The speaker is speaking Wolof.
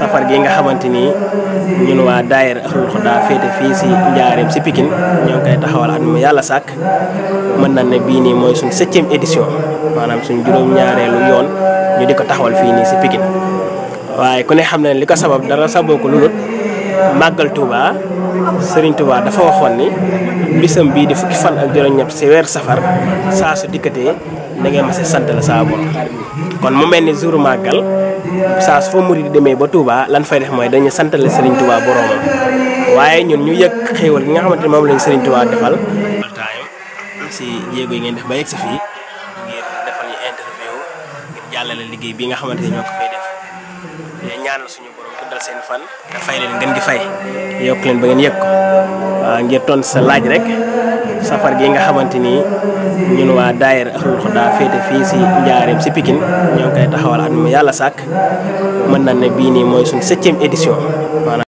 safar gi nga xamante ni ñun waa daayira Ahlul Xudaa féete fii si njaareem si Pikine ñoo ngi koy taxawal at mu yàlla sàkk mën na ne bii nii mooy suñ septième édition maanaam suñ juróom-ñaareelu ñu di ko taxawal fii nii si Pikine waaye ku ne xam na li ko sabab dara saboo màggal Touba Serigne Touba dafa waxoon ni bisam bii di fukki fan ak juróom-ñett si weer safar saa su dikkatee da ngay mas a sant la saa kon mu mel ni jour màggal saa su fa murid di demee ba Touba lan fay def mooy dañu santale Serigne Touba boroomam waaye ñun ñu yëg xéewal gi nga xamante ne moom lañ Serigne Touba defal. waxtaayam si jéego yi ngeen def ba yegg sa fii ngir defal ñu interview ngir liggéey bi nga xamante ne ñoo ko fay def seen fan. te fay leen gën di fay yokk leen ba ngeen yëg ko ngir tontu sa laaj rek. safar gi nga xamante ni ñun waa daayira Ahlul Xuda féete fii si njaareem si Pikine ñoo ngi koy taxawal at mu yàlla sàkk man na ne bii nii mooy suñ septième édition